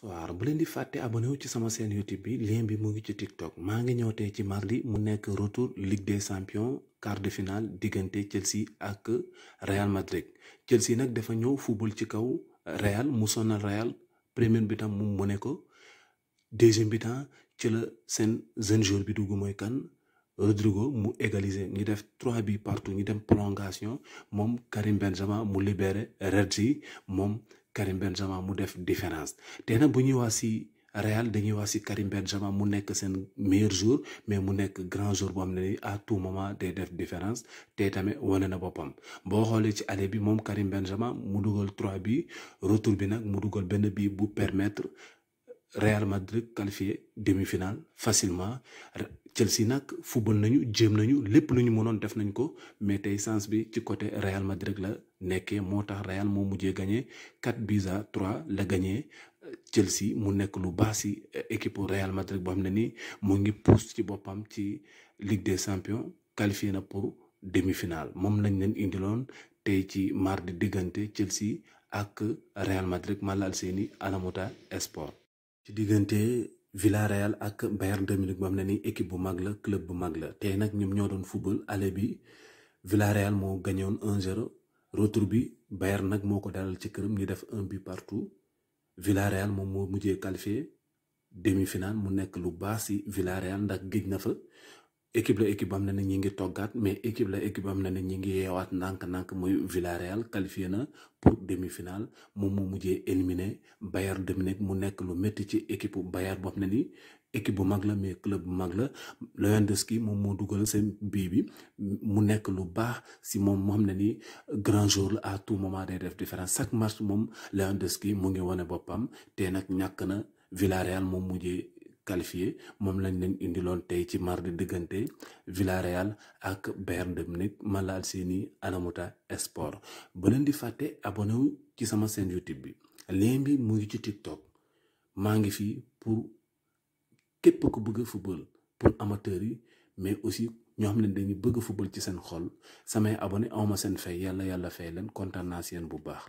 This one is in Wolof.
soir bu leen di fàtte abonné ci sama seen YouTube bi lien bi mu ngi ci TikTok maa ngi ñëw tey ci mardi mu nekk retour Ligue des Champions quart de finale diggante Chelsea ak Real Madrid Chelsea nag dafa ñëw football ci kaw Real mu sonal Real première bi tam mu mëne ko deuxième bi tam ci la seen jeune joueur bi dugg mooy kan Rodrigo mu égaliser ñu def trois buts partout ñu dem prolongation moom Karim Benzema mu libéré Redzi moom Karim Benzema mu def différence te nag bu ñuy wax si Real dañuy wax si Karim Benzema mu nekk seen meilleur jour mais mu nekk grand jour boo xam ne nii à tout moment day def différence te tamit wane na boppam boo xoolee ci aller bi moom Karim Benzema mu dugal 3 bi retour bi nag mu dugal benn bi bu permettre Real Madrid qualifié demi-finale facilement Chelsea nag football nañu jéem nañu lépp lu ñu mënoon def nañu ko mais tey sens bi ci côté Real Madrid la nekkee moo tax Real moo mujjee gagné 4 buts à 3 la gagné Chelsea mu nekk lu baax si équipe Real boo xam ne nii mu ngi pousse ci boppam ci Ligue des Champions qualifié na pour demi final moom lañ leen indiloon tey ci mardi diggante Chelsea ak Real Madrid Malang Alseni Alamuta Sport ci diggante. Villarreal ak Bayern de Munich boo xam ni équipe bu mag la club bu mag la tey nag ñoom ñoo doon football aller bi villa Villarreal moo gañoon un 0 retour bi Bayern nag moo ko dalal ci këram ñu def un bi partout Villarreal moom moo mujjee qualifié demi-finale mu nekk lu baax si Villarreal ndax géej na fa équipe la équipe am na ne ñi ngi toggaat mais équipe la équipe am na ne ñi ngi yeewaat ndànk-ndànk muy Villarreal qualifié na pour demi-finale moom moo mujjee éliminé Bayern de Munich mu nekk lu métti ci équipe bu Bayern boo xam ne ni équipe bu mag la mais club bu mag la Lewandowski moom moo dugal seen bii bi mu nekk lu baax si moom moo xam ne ni grand jour la à tout moment day def différence chaque match moom Lewandowski mu ngi wane boppam te nag ñàkk na Villarreal moom mujjee qualifié moom lañ leen indiloon tey ci mardi diggante Villarreal ak Bayern de Munich ma laal seeni Alamuta Sport ba leen di fàtte abonné ci sama seen YouTube bi lien bi mu ngi ci TikTok maa ngi fi pour képp ku bëgg football pour amateur yi mais aussi ñoo xam ne dañuy bëgg football ci seen xol samay abonné awma seen fay yàlla yàlla fay leen kontaan naa seen bu baax